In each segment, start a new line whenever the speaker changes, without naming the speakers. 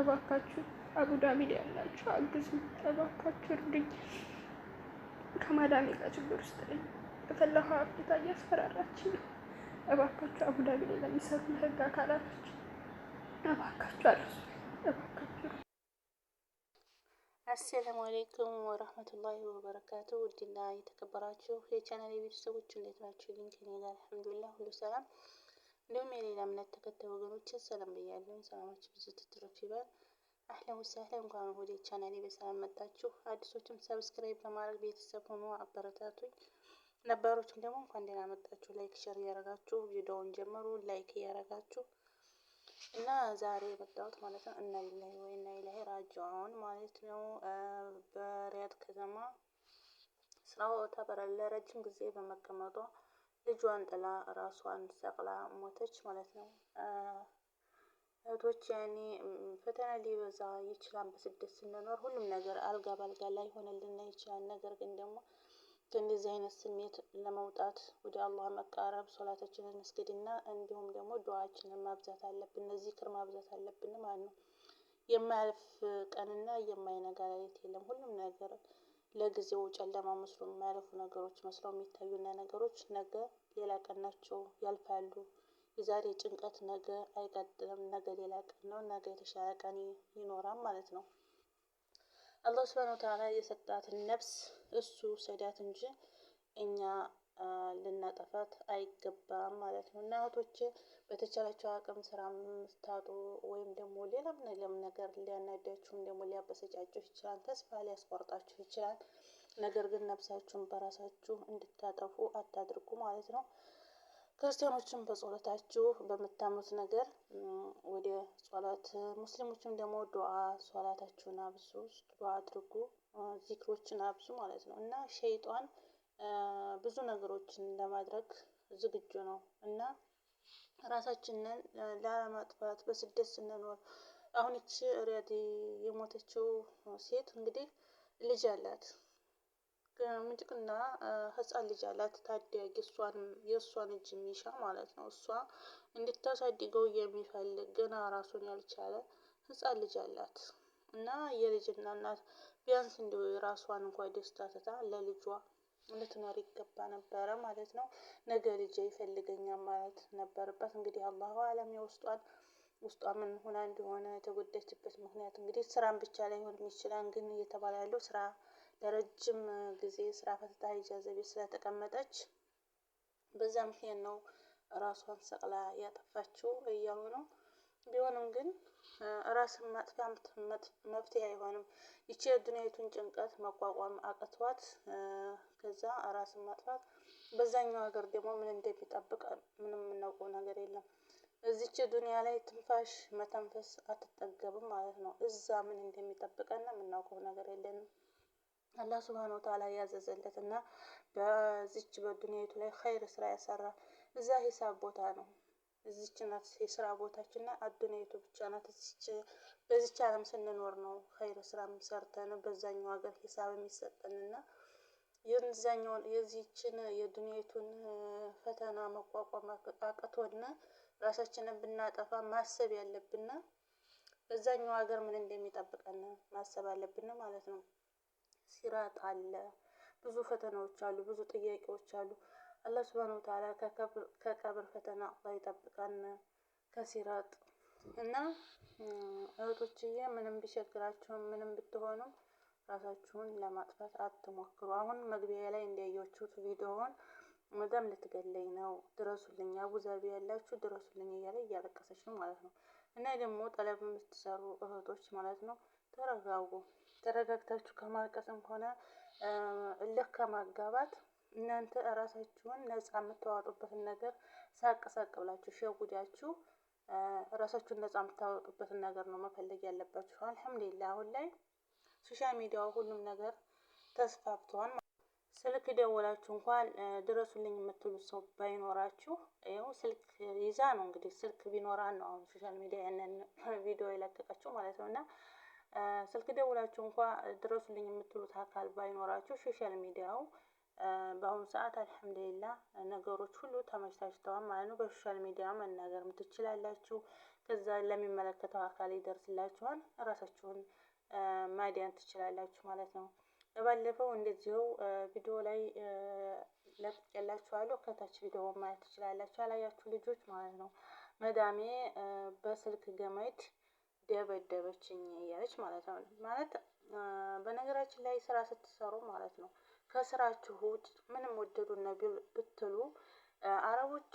እባካችሁ አቡዳቢ ላይ ያላችሁ አግዙ፣ እባካችሁ እርዱኝ። ከማዳሜ ጋር ችግር ውስጥ ነኝ። በፈላሁ አፍታ እያስፈራራችን ነው። እባካችሁ አቡዳቢ ላይ ለሚሰሩ የህግ አካላቶች እባካችሁ አድርሱ፣ እባካችሁ።
አሰላሙ አሌይኩም ወረህመቱላሂ ወበረካቱ። ውድና የተከበራችሁ የቻናል የቤተሰቦች እንዴት ናችሁ? ከኔ ጋር አልሐምዱሊላህ ሁሉ ሰላም እንዲሁም የሌላ እምነት ተከታይ ወገኖችን ሰላም ብያለሁ። ሰላማችሁ ብዙ ትትረፍ ይበል። አህለን ወሳህለን፣ እንኳን ወደ ቻናሌ በሰላም መጣችሁ። አዲሶችም ሰብስክራይብ በማድረግ ቤተሰብ ሆኖ አበረታቱኝ። ነባሮችም ደግሞ እንኳን ደህና መጣችሁ። ላይክ ሸር እያረጋችሁ ቪዲዮውን ጀምሩ። ላይክ እያረጋችሁ እና ዛሬ የመጣሁት ማለት ነው እና ሊላሂ ወኢና ኢለይሂ ራጂዑን ማለት ነው። በሪያድ ከተማ ስራው ተበረ ለረጅም ጊዜ በመቀመጧ ልጇን ጥላ ራሷን ሰቅላ ሞተች ማለት ነው። እህቶች ያኔ ፈተና ሊበዛ ይችላል። በስደት ስንኖር ሁሉም ነገር አልጋ ባልጋ ላይ ሆነልን ይችላል። ነገር ግን ደግሞ ከእንደዚህ አይነት ስሜት ለመውጣት ወደ አላህ መቃረብ፣ ሶላታችንን መስገድ እና እንዲሁም ደግሞ ዱዓችንን ማብዛት አለብን። ዚክር ማብዛት አለብን ማለት ነው። የማያልፍ ቀንና የማይነጋ ሌሊት የለም። ሁሉም ነገር ለጊዜው ጨለማ መስሎ የሚያለፉ ነገሮች መስለው የሚታዩና ነገሮች ነገ ሌላ ቀን ናቸው፣ ያልፋሉ። የዛሬ ጭንቀት ነገ አይቀጥልም፣ ነገ ሌላ ቀን ነው፣ ነገ የተሻለ ቀን ይኖራል ማለት ነው። አላህ ስብሃነ ወተዓላ የሰጣትን ነፍስ እሱ ሰዳት እንጂ እኛ ልናጠፋት አይገባም ማለት ነው። እና እህቶቼ በተቻላቸው አቅም ስራ የምታጡ ወይም ደግሞ ሌላም ሌላም ነገር ሊያናዳችሁ ወይም ደግሞ ሊያበሰጫችሁ ይችላል። ተስፋ ሊያስቆርጣችሁ ይችላል። ነገር ግን ነፍሳችሁን በራሳችሁ እንድታጠፉ አታድርጉ ማለት ነው። ክርስቲያኖችም በጸሎታችሁ በምታምኑት ነገር ወደ ጸሎት፣ ሙስሊሞችም ደግሞ ዱዓ ጸሎታችሁን አብዙ፣ ዱዓ አድርጉ፣ ዚክሮችን አብዙ ማለት ነው እና ሸይጧን ብዙ ነገሮችን ለማድረግ ዝግጁ ነው እና ራሳችንን ላለማጥፋት በስደት ስንኖር አሁን ይቺ ኦልሬዲ የሞተችው ሴት እንግዲህ ልጅ አላት። ምንጭቅና ህፃን ልጅ አላት። ታዳጊ የእሷን እጅ የሚሻ ማለት ነው። እሷ እንድታሳድገው የሚፈልግ ገና ራሱን ያልቻለ ህፃን ልጅ አላት እና የልጅና እናት ቢያንስ እንዲሁ የራሷን እንኳ ደስታ ትታ ለልጇ ልትኖር ይገባ ነበረ ማለት ነው። ነገ ልጅ ይፈልገኛል ማለት ነበረባት። እንግዲህ አላሁ አለም የውስጧን ውስጧ ምን ሆና እንደሆነ የተጎዳችበት ምክንያት እንግዲህ ስራን ብቻ ላይሆን ይችላል። ግን እየተባለ ያለው ስራ ለረጅም ጊዜ ስራ ፈትታ ኢጃዛ ቤት ስለተቀመጠች በዛ ምክንያት ነው ራሷን ሰቅላ ያጠፋችው እያሉ ነው። ቢሆንም ግን ራስን ማጥፊያ መፍትሄ አይሆንም። ይቺ የዱንያዊቱን ጭንቀት መቋቋም አቅቷት ከዛ ራስን ማጥፋት፣ በዛኛው ሀገር ደግሞ ምን እንደሚጠብቅ ምንም የምናውቀው ነገር የለም። እዚች ዱንያ ላይ ትንፋሽ መተንፈስ አትጠገብም ማለት ነው። እዛ ምን እንደሚጠብቀና የምናውቀው ነገር የለንም። አላህ ስብሃነ ወተዓላ ያዘዘለት እና በዚች በዱንያቱ ላይ ኸይር ስራ ያሰራ እዛ ሂሳብ ቦታ ነው። እዚች ናት የስራ ቦታችንና አዱንያቱ ብቻ ናት። በዚች ዓለም ስንኖር ነው ኸይር ስራ ሰርተን በዛኛው ሀገር ሂሳብ የሚሰጠንና የዛኛውን የዚችን የዱንያቱን ፈተና መቋቋም አቅቶና ራሳችንን ብናጠፋ ማሰብ ያለብንና በዛኛው ሀገር ምን እንደሚጠብቀን ማሰብ አለብን ማለት ነው። ሲራጥ አለ፣ ብዙ ፈተናዎች አሉ፣ ብዙ ጥያቄዎች አሉ። አላህ ሱብሃነሁ ወተዓላ ከቀብር ፈተና አላህ ይጠብቀን ከሲራጥ እና እህቶችዬ ምንም ቢቸግራችሁም ምንም ብትሆኑም ራሳችሁን ለማጥፋት አትሞክሩ። አሁን መግቢያ ላይ እንዳያችሁት ቪዲዮውን መዳም ልትገለኝ ነው ድረሱልኝ፣ አቡዛቢ ያላችሁ ድረሱልኝ እያለ እያለቀሰች ነው ማለት ነው። እና ደግሞ ጠለብ የምትሰሩ እህቶች ማለት ነው ተረጋጉ። ተረጋግታችሁ ከማልቀስም ሆነ እልህ ከማጋባት እናንተ ራሳችሁን ነጻ የምታወጡበትን ነገር ሳቅ ሳቅ ብላችሁ ሸጉዳችሁ ራሳችሁን ነጻ የምታወጡበትን ነገር ነው መፈለግ ያለባችሁ። አልሐምዱሊላ አሁን ላይ ሶሻል ሚዲያ ሁሉም ነገር ተስፋፍቷል። ስልክ ደውላችሁ እንኳን ድረሱልኝ የምትሉት ሰው ባይኖራችሁ ይኸው ስልክ ይዛ ነው እንግዲህ ስልክ ቢኖራን ነው አሁን ሶሻል ሚዲያ ያንን ቪዲዮ የለቀቀችው ማለት ነው። እና ስልክ ደውላችሁ እንኳ ድረሱልኝ የምትሉት አካል ባይኖራችሁ ሶሻል ሚዲያው በአሁኑ ሰዓት አልሐምዱሊላ ነገሮች ሁሉ ተመቻችተዋል ማለት ነው። በሶሻል ሚዲያ መናገርም ትችላላችሁ። ከዛ ለሚመለከተው አካል ይደርስላችኋል። ራሳችሁን ማዲያን ትችላላችሁ ማለት ነው። በባለፈው እንደዚሁ ቪዲዮ ላይ ለቅቄላችኋለሁ። ከታች ቪዲዮ ማየት ትችላላችሁ፣ ያላያችሁ ልጆች ማለት ነው። መዳሜ በስልክ ገመድ ደበደበችኝ እያለች ማለት ነው። ማለት በነገራችን ላይ ስራ ስትሰሩ ማለት ነው ከስራችሁ ውጭ ምንም ወደዱና ብትሉ አረቦች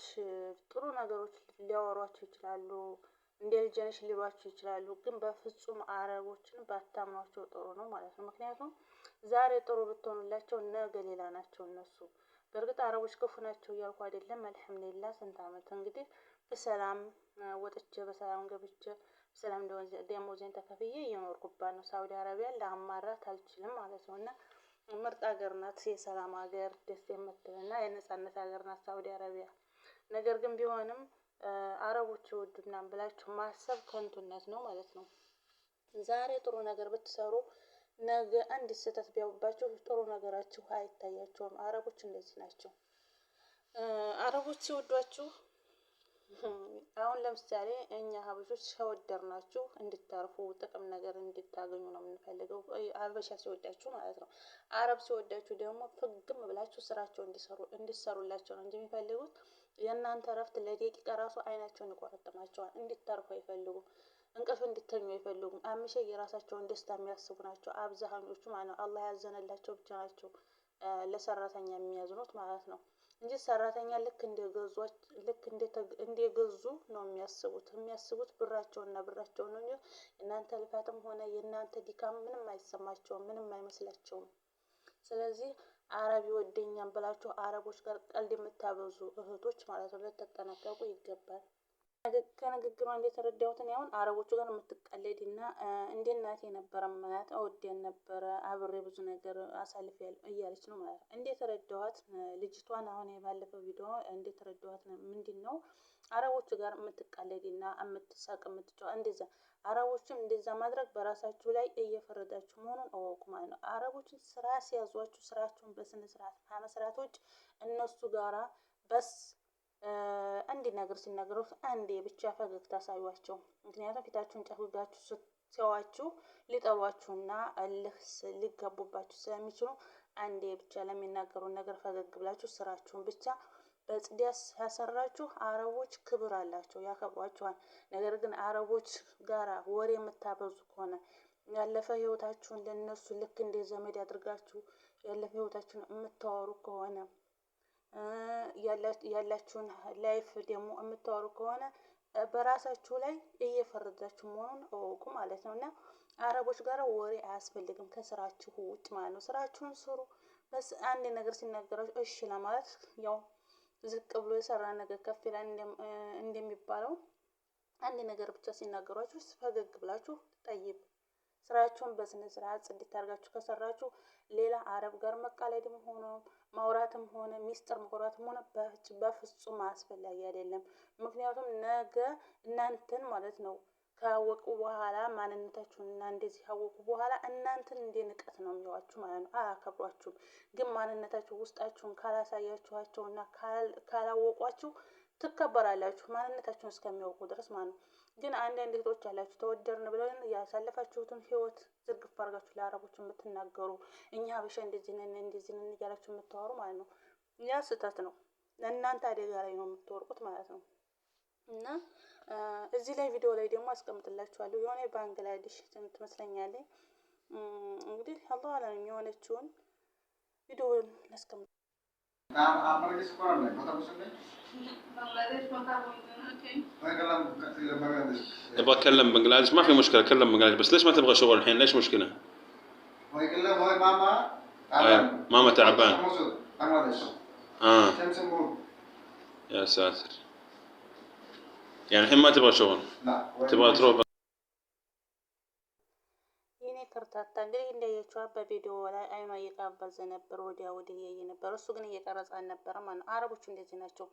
ጥሩ ነገሮች ሊያወሯችሁ ይችላሉ፣ እንደ ልጅ ሊሏችሁ ይችላሉ። ግን በፍጹም አረቦችን ባታምኗቸው ጥሩ ነው ማለት ነው። ምክንያቱም ዛሬ ጥሩ ብትሆኑላቸው ነገ ሌላ ናቸው እነሱ። በእርግጥ አረቦች ክፉ ናቸው እያልኩ አይደለም። ሌላ ስንት አመት እንግዲህ በሰላም ወጥቼ በሰላም ገብቼ በሰላም ደሞዜን ተከፍዬ እየኖርኩባት ነው። ሳውዲ አረቢያ ለአማራት አልችልም ማለት ነው። እና ምርጥ ሀገር ናት፣ የሰላም ሀገር፣ ደስ የምትልና የነጻነት ሀገር ናት ሳውዲ አረቢያ። ነገር ግን ቢሆንም አረቦች ይወዱናል ብላችሁ ማሰብ ከንቱነት ነው ማለት ነው። ዛሬ ጥሩ ነገር ብትሰሩ ነገ አንድ ስህተት ቢያዩባችሁ ጥሩ ነገራችሁ አይታያቸውም አረቦች እንደዚህ ናቸው። አረቦች ሲወዷችሁ አሁን ለምሳሌ እኛ ሀበሾች ናችሁ እንድታርፉ ጥቅም ነገር እንድታገኙ ነው የምንፈልገው። ሀበሻ ሲወዳችሁ ማለት ነው። አረብ ሲወዳችሁ ደግሞ ፍግም ብላችሁ ስራቸው እንዲሰሩላቸው ነው እንጂ የሚፈልጉት የእናንተ እረፍት ለደቂቃ ራሱ አይናቸውን ይቆረጥማቸዋል። እንዲታርፉ አይፈልጉም። እንቅልፍ እንዲተኙ አይፈልጉም። አምሼ የራሳቸውን ደስታ የሚያስቡ ናቸው አብዛኞቹ ማለት ነው። አላህ ያዘነላቸው ብቻ ናቸው ለሰራተኛ የሚያዝኑት ማለት ነው እንጂ ሰራተኛ ልክ ልክ እንደገዙ ነው የሚያስቡት። የሚያስቡት ብራቸውና ብራቸው ነው። እናንተ ልፋትም ሆነ የእናንተ ድካም ምንም አይሰማቸውም፣ ምንም አይመስላቸውም። ስለዚህ አረብ ይወደኛል ብላችሁ አረቦች ጋር ቀልድ የምታበዙ እህቶች ማለት ነው ልትጠነቀቁ ይገባል። ከንግግሯ እንደተረዳሁት እኔ አሁን አረቦቹ ጋር የምትቀለድ እና እንደ እናቴ ነበረ ማለት እወዳት ነበረ አብሬ ብዙ ነገር አሳልፍ እያለች ነው ማለት ነው። እንደተረዳኋት ልጅቷን አሁን የባለፈው ቪዲዮ እንደተረዳኋት ምንድን ነው አረቦቹ ጋር የምትቀለድ እና የምትሳቅ የምትጫወት እንደዛ አረቦችም እንደዛ ማድረግ በራሳችሁ ላይ እየፈረዳችሁ መሆኑን እወቁ ማለት ነው። አረቦችን ስራ ሲያዟችሁ ስራችሁን በስነ ስርዓት ከመስራቶች እነሱ ጋራ በስ ነገር ሲነግሩት አንዴ ብቻ ፈገግታ አሳዩቸው ምክንያቱም ፊታችሁን ጨፍጋችሁ ሲዋችሁ ሊጠሏችሁና እልህ ሊገቡባችሁ ስለሚችሉ አንዴ ብቻ ለሚናገሩን ነገር ፈገግ ብላችሁ ስራችሁን ብቻ በጽዳት ያሰራችሁ አረቦች ክብር አላቸው፣ ያከብሯችኋል። ነገር ግን አረቦች ጋራ ወሬ የምታበዙ ከሆነ ያለፈ ህይወታችሁን ለነሱ ልክ እንደ ዘመድ ያድርጋችሁ ያለፈ ህይወታችሁን የምታወሩ ከሆነ ያላችሁን ላይፍ ደግሞ የምታወሩ ከሆነ በራሳችሁ ላይ እየፈረዳችሁ መሆኑን እወቁ ማለት ነው። እና አረቦች ጋር ወሬ አያስፈልግም ከስራችሁ ውጭ ማለት ነው። ስራችሁን ስሩ። በስ አንድ ነገር ሲነገራችሁ እሺ ለማለት ያው ዝቅ ብሎ የሰራ ነገር ከፍ ይላል እንደሚባለው አንድ ነገር ብቻ ሲናገሯችሁ ፈገግ ብላችሁ ጠይቁ። ስራችሁን በስነ ስርዓት ጽድት አድርጋችሁ ከሰራችሁ ሌላ አረብ ጋር መቃለድም ሆነ ማውራትም ሆነ ሚስጥር መኮራትም ሆነ በፍጹም አስፈላጊ አይደለም። ምክንያቱም ነገ እናንተን ማለት ነው ካወቁ በኋላ ማንነታችሁን እና እንደዚህ ካወቁ በኋላ እናንተን እንደ ንቀት ነው የሚዋችሁ ማለት ነው። አያከብሯችሁም። ግን ማንነታችሁ ውስጣችሁን ካላሳያችኋቸው እና ካላወቋችሁ ትከበራላችሁ ማንነታችሁን እስከሚያውቁ ድረስ ማለት ነው። ግን አንዳንድ እህቶች አላችሁ ተወደርን ብለን ያሳለፋችሁትን ህይወት ዝርግፍ አድርጋችሁ ለአረቦች የምትናገሩ እኛ ሀበሻ እንደዚህ ነን እንደዚህ ነን እያላችሁ የምታወሩ ማለት ነው። ያ ስህተት ነው። ለእናንተ አደጋ ላይ ነው የምትወርቁት ማለት ነው። እና እዚህ ላይ ቪዲዮ ላይ ደግሞ አስቀምጥላችኋለሁ የሆነ ባንግላዴሽ ትመስለኛለች እንግዲህ አላህ አለም የሆነችውን ቪዲዮውን ላስቀምጥ
تبغى تكلم ابغى بنجلاديش ما في مشكله تكلم بنجلاديش بس ليش ما تبغى شغل الحين
ليش مشكله؟ ماما تعبان ماما
تعبان اه يا ساتر يعني الحين ما تبغى
شغل لا
تبغى تروح
አበረታታ። እንግዲህ እንዳያችኋት በቪዲዮ ላይ አይኗ እየቃበዘ ነበር፣ ወዲያ ወዲህ እያየ ነበር። እሱ ግን እየቀረጸ አልነበረ ማለት ነው። አረቦች እንደዚህ ናቸው።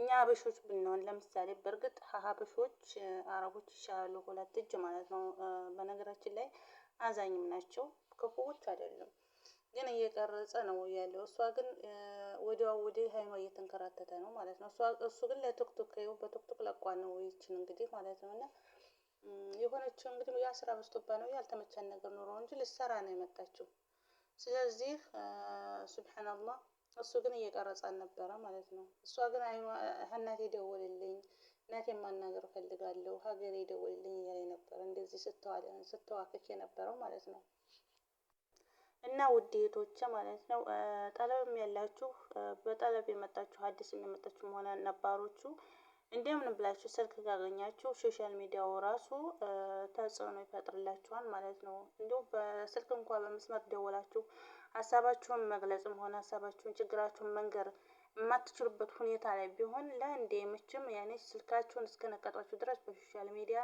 እኛ አበሾች ብንሆን ለምሳሌ፣ በእርግጥ ሀበሾች አረቦች ይሻሉ ሁለት እጅ ማለት ነው። በነገራችን ላይ አዛኝም ናቸው፣ ክፉዎች አይደሉም። ግን እየቀረጸ ነው ያለው። እሷ ግን ወዲያ ወዲህ አይኗ እየተንከራተተ ነው ማለት ነው። እሱ ግን ለቱክቱክ በቶክቶክ ለቋ ነው ይችን እንግዲህ ማለት ነው እና የሆነችው እንግዲህ ያ ስራ በዝቶባት ነው ያልተመቻን ነገር ኖሮ እንጂ ልሰራ ነው የመጣችው። ስለዚህ ሱብሓነላህ እሱ ግን እየቀረጸ ነበረ ማለት ነው። እሷ ግን እናቴ ደወልልኝ፣ እናቴ ማናገር ፈልጋለሁ፣ ሀገሬ ደወልልኝ እያለ ነበረ እንደዚህ ስትዋክክ የነበረው ማለት ነው። እና ውዴቶቼ ማለት ነው ጠለብም ያላችሁ በጠለብ የመጣችሁ አዲስም የመጣችሁ መሆነ ነባሮቹ እንደምን ብላችሁ ስልክ ካገኛችሁ ሶሻል ሚዲያው ራሱ ተጽዕኖ ይፈጥርላችኋል ማለት ነው። እንዲሁም በስልክ እንኳ በመስመር ደወላችሁ ሀሳባችሁን መግለጽም ሆነ ሀሳባችሁን ችግራችሁን መንገር የማትችሉበት ሁኔታ ላይ ቢሆን ለእንዴ ምችም ያኔ ስልካችሁን እስከነቀጧችሁ ድረስ በሶሻል ሚዲያ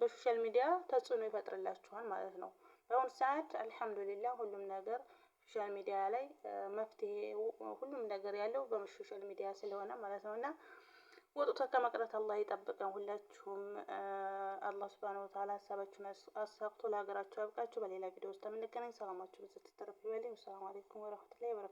በሶሻል ሚዲያ ተጽዕኖ ይፈጥርላችኋል ማለት ነው። በአሁኑ ሰዓት አልሐምዱሊላህ ሁሉም ነገር ሶሻል ሚዲያ ላይ መፍትሄ ሁሉም ነገር ያለው በሶሻል ሚዲያ ስለሆነ ማለት ነው እና ወጥቶ ከመቅረት አላህ ይጠብቀን። ሁላችሁም አላህ ሱብሃነሁ ወተዓላ ሀሳባችሁን አሳክቶ ለሀገራችሁ ያብቃችሁ። በሌላ ቪዲዮ ውስጥ የምንገናኝ ሰላማችሁ ብዙ ትተረፍ ይበልኝ። ሰላም አለይኩም ወረህመቱላሂ ወበረካቱ።